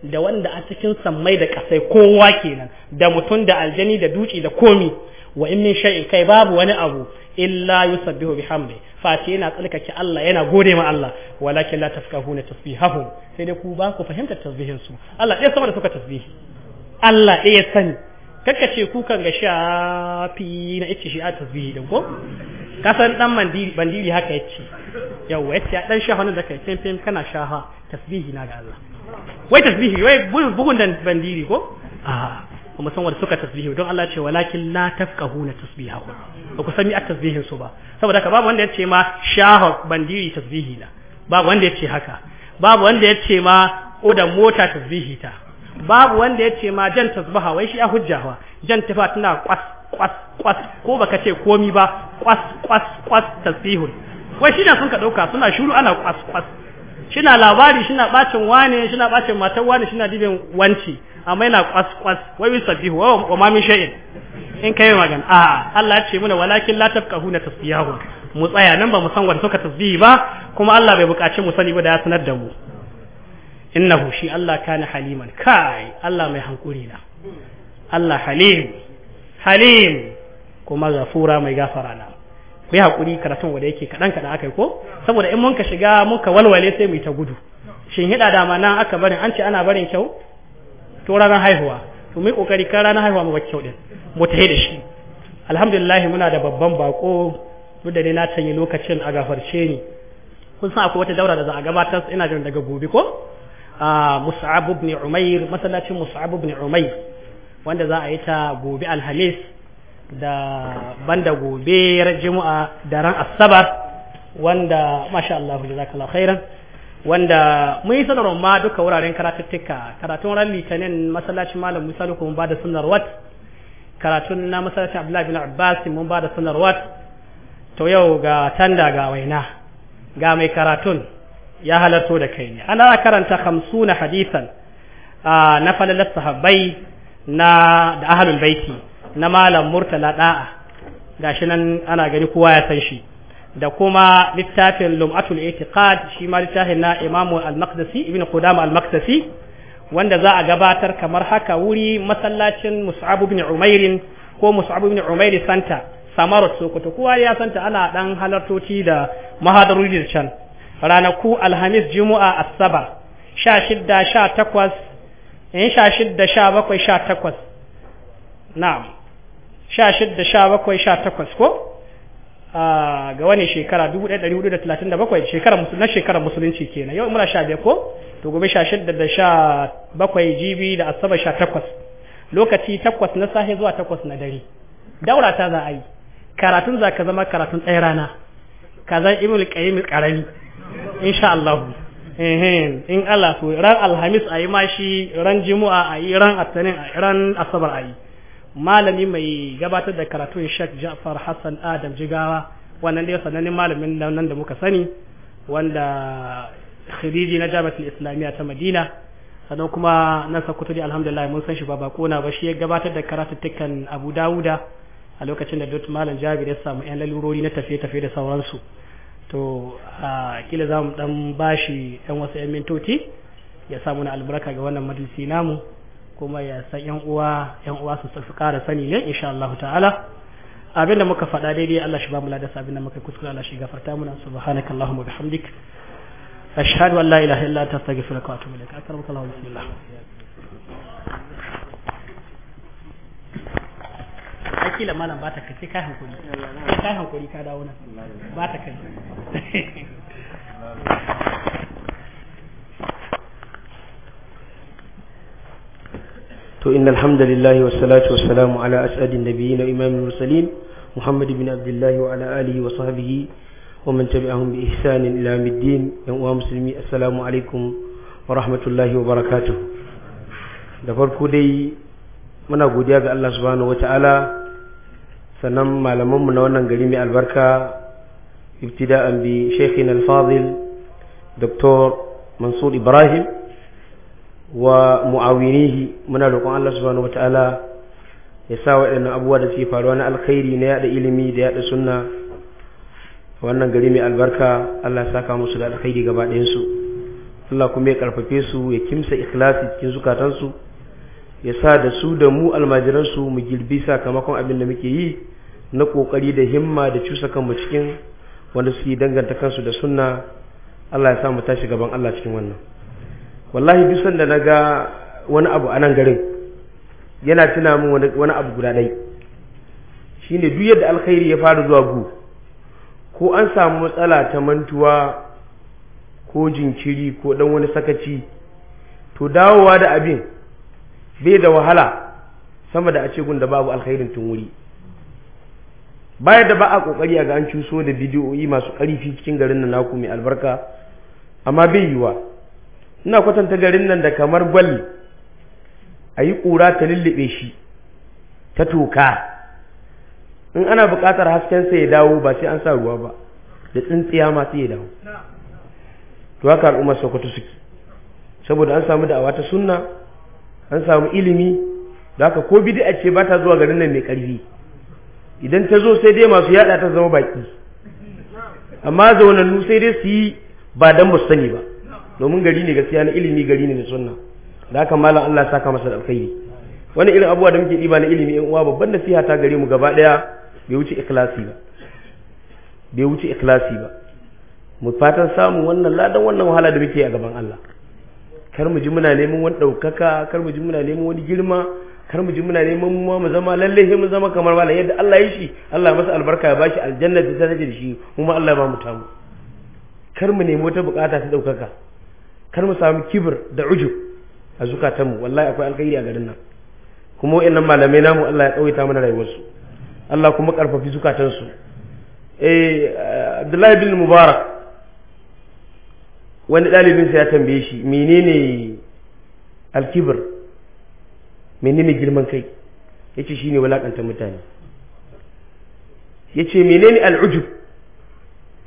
da wanda a cikin sammai da ƙasai kowa kenan da mutum da aljani da duci da komi wa in min shay'in kai babu wani abu illa yusabbihu bihamdi face yana tsalkake Allah yana gode ma Allah walakin la tafkahuna tasbihahum sai dai ku ba ku fahimtar tasbihin su Allah ɗaya sama da suka tasbihi Allah ɗaya sani kakka ce ku kan ga shafi na ice shi a tasbihi din ko kasan dan mandiri bandiri haka yace yawa yace dan shafa da kai fim fim kana shaha tasbihi na ga Allah wai tasbihi wai bugun dan bandiri ko a kuma san wanda suka tasbihi don Allah ce walakin la tafqahuna tasbihahu ba ku sami at-tasbihin su ba saboda ka babu wanda yace ma shaha bandiri tasbihi na babu wanda yace haka babu wanda yace ma odan mota tasbihi ta babu wanda yace ma jan tasbaha wai shi a hujjawa jan tafa tana kwas kwas kwas ko baka ce komi ba kwas kwas kwas tasbihun wai shi da sun ka dauka suna shuru ana kwas kwas shina labari shina bacin wane shina bacin matan wane shina dibin wanci amma yana kwas kwas wai sabihu wa ma min shay'in in kai magana a Allah ya ce muna walakin la tafqahuna tasbihahu mu tsaya nan ba mu san wanda suka tasbihi ba kuma Allah bai buƙaci mu sani ba da ya sanar da mu innahu shi Allah kana haliman kai Allah mai hankuri na Allah halim halim kuma gafura mai gafara na ku yi hakuri karatun wanda yake kaɗan kaɗan aka yi ko saboda in mun ka shiga mun ka walwale sai mu yi ta gudu shin hiɗa da ma nan aka barin an ce ana barin kyau to ranar haihuwa to mu yi kokari kan ranar haihuwa mu kyau din mu tahe da shi alhamdulillah muna da babban bako duk da ni na sanya lokacin a gafarce ni kun san akwai wata daura da za a gabatar ina jin daga gobe ko Mus'ab ibn Umair masallacin Mus'ab ibn Umair wanda za a yi ta gobe Alhamis da banda gobe juma'a da ran asabar wanda masha Allah jazakallahu khairan wanda mun yi sanarwar ma duka wuraren karatuttuka karatun ran litinin masallacin malam Musa ko mun bada sanarwar karatun na masallacin Abdullahi bin Abbas mun bada sanarwar to yau ga tanda ga waina ga mai karatun ya halarto da kai ne ana karanta 50 hadisan ah, na falalar sahabbai na da ahlul baiti na malam murtala da'a gashi nan ana gani kowa ya san shi da kuma littafin lum'atul itiqad shi ma littafin na imamu al-maqdisi ibn qudama al-maqdisi wanda za a gabatar kamar haka wuri masallacin mus'ab ibn umair ko mus'ab ibn umair santa samarot sokoto kowa ya santa ana dan halartoci da mahadaruri da can ranaku alhamis juma'a asaba sha shidda sha takwas in eh, sha shidda sha bakwai sha takwas na'am sha shidda sha bakwai sha takwas ko ga wani shekara dubu ɗaya ɗari hudu da talatin da bakwai shekara na shekarar musulunci kenan yau muna sha biyar ko to gobe sha shidda da sha bakwai jibi da asabar sha takwas lokaci takwas na safe zuwa takwas na dare daura ta za a yi karatun za ka zama karatun ɗaya rana ka zan ibn qayyim karami insha Allah in Allah so ran alhamis a yi mashi ran jimu'a a yi ran asabar a yi malami mai gabatar da karatun Sheikh Ja'far Hassan Adam Jigawa wannan dai sanannen malamin nan da muka sani wanda khiriji na Jami'atul Islamiyya ta Madina sannan kuma na Sokoto dai alhamdulillah mun san shi ba bako na ba shi ya gabatar da karatuttukan Abu Dawuda a lokacin da Dr. Malam Jabir ya samu yan lalurori na tafiye-tafiye da sauransu to a kila za mu dan bashi yan wasu yan mintoci ya samu na albarka ga wannan majalisi namu kuma ya san yan uwa yan uwa su su ƙara sani ne insha Allah ta'ala abin da muka faɗa daidai Allah shi ba mu ladasa abin da muka kuskura Allah shi gafarta muna subhanakallahumma bihamdik ashhadu an la ilaha illa anta astaghfiruka wa atubu ilaik akramukallahu bismillah kila malam ba ta kace kai hankuri kai hankuri ka dawo nan ba ta kace <laughs> to innal hamdalillahi wassalatu wassalamu ala asadin nabiyyin na imamil mursalin muhammad bin abdullahi wa ala alihi wa sahbihi wa man tabi'ahum bi ihsanin ila yawmiddin yan uwa musulmi assalamu wa rahmatullahi wa barakatuh da farko dai muna godiya ga Allah subhanahu wa ta'ala sannan malaman mu na wannan gari mai albarka ibtida'an bi shaykhina al-fadil doctor mansur ibrahim wa mu'awinihi muna roƙon Allah subhanahu wataala ya sa waɗannan abubuwa da suke faruwa na alkhairi na yada ilimi da yada sunna wannan gari mai albarka Allah ya saka musu da alkhairi gaba ɗayan su Allah kuma ya karfafe su ya kimsa ikhlasi cikin zukatan su ya sa da su da mu almajiran su mu girbi sakamakon abin da muke yi na kokari da himma da cusa kanmu cikin wanda suke danganta kansu da sunna Allah ya sa mu tashi gaban Allah cikin wannan wallahi duk sanda na ga wani abu a nan garin yana tuna min wani abu guda ɗai ne duk yadda alkhairi ya fara zuwa gu ko an samu matsala ta mantuwa ko jinkiri ko ɗan wani sakaci to dawowa da abin bai da wahala sama da a ce da babu alkhairin tun wuri baya da ba a kokari a ga an cuso da bidiyoyi masu ƙarfi cikin garin nan naku mai albarka amma bai yiwa ina kwatanta garin nan da kamar gwal a yi ƙura ta lullube shi ta toka in ana buƙatar haskensa ya dawo ba sai an sa ruwa ba da tsintsiya masu sai ya dawo to haka al'ummar sokoto suke saboda an samu da'awa ta sunna an samu ilimi da haka ko a ce ba ta zuwa garin nan mai ƙarfi idan ta zo sai dai masu yada ta zama baki amma zaunannu sai dai su yi ba dan ba sani ba domin gari ne gaskiya na ilimi gari ne da sunna da haka malam Allah saka masa da alkhairi wani irin abuwa da muke diba na ilimi yan uwa babban nasiha ta gare mu gaba daya bai wuce ikhlasi ba bai wuce ikhlasi ba mu fatan samu wannan ladan wannan wahala da muke a gaban Allah kar mu ji muna neman wani ɗaukaka kar mu ji muna neman wani girma kar mu ji muna neman mu mu zama lalle mu zama kamar wala yadda Allah ya shi Allah masa albarka ya bashi aljanna ta tare da shi kuma Allah ya ba mu tamu kar mu nemi wata bukata ta ɗaukaka kar mu samu kibir da uju a zukatanmu wallahi akwai alkhairi a garin nan kuma wayannan malamai namu Allah ya tsawaita mana rayuwarsu Allah kuma karfafi zukatansu eh Abdullahi bin Mubarak wani sa ya tambaye shi menene alkibir menene girman kai yace shine walakanta mutane yace menene al'ujub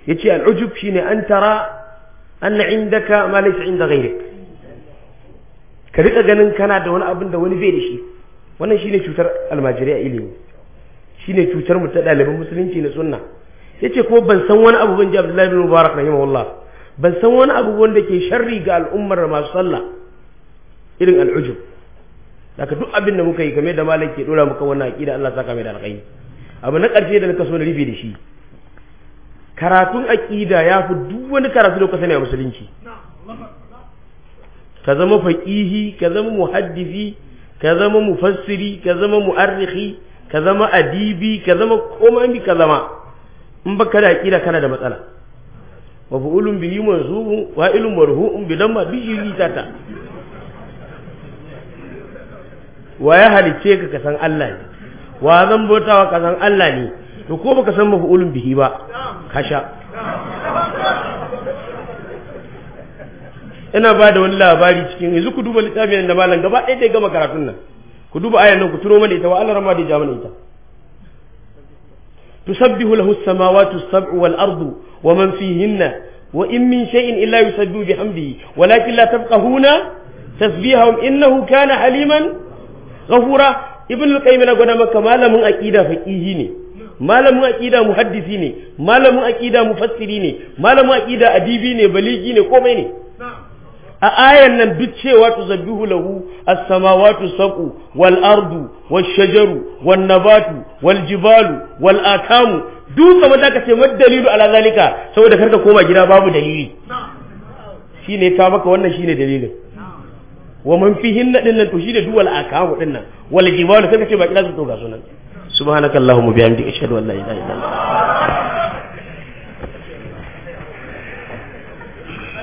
yace al'ujub shine an tara أن عندك ما ليس عند غيرك كذلك ganin kana da wani abin da wani bai da shi wannan shine cutar almajirai a ilimi shine cutar mu ta ɗaliban musulunci na sunna yace ko ban san wani abu ban ji Abdullahi bin Mubarak rahimahullah ban san wani abu wanda ke sharri ga al'ummar masu sallah irin al'ujub daga duk abin da muka yi kame da malaki dora muka wannan aqida Allah saka mai da alƙai abu na ƙarshe da na kaso da rufe da shi karatun aqida ya fi duk wani karatu da kusa ne a musulunci ka zama faqihi ka zama muhaddisi ka zama mufassiri ka zama mu'arrikhi ka zama adibi ka zama komai ka zama in ba ka da aqida kana da matsala wa fu'ulun bihi mansubun wa ilmun marhu'un bi damma bihi tata wa ya halice ka kasan Allah ne wa zan bautawa kasan Allah ne to ko baka san maf'ulun bihi ba kasha ina ba da wani labari cikin yanzu ku duba littafin da malam gaba ɗaya da gama karatun nan ku duba ayan nan ku turo mana ita wa Allah rama da ja mana ita tusabbihu lahu as-samawati as-sab'u wal ardu wa man fihinna wa in min shay'in illa yusabbihu bihamdihi walakin la tafqahuna tasbihahum innahu kana haliman ghafura ibn al-qayyim na gwada maka malamin aqida faqihi ne malamin mu muhaddisi ne malamin mu mufassiri ne malamin aƙida adibi ne baligi ne komai ne a ayan nan duk cewa zabihu lahu as-samawati saqu wal ardu wash shajaru wan nabatu wal jibalu wal atamu duk kamar da kace mad dalilu ala zalika saboda karka koma gida babu dalili shine ka maka wannan shine dalilin wa man fihinna nan to shine duwal akamu dinnan wal jibalu sai ba kira to ga sunan subhanakallahumma bihamdika ashhadu an la ilaha illa anta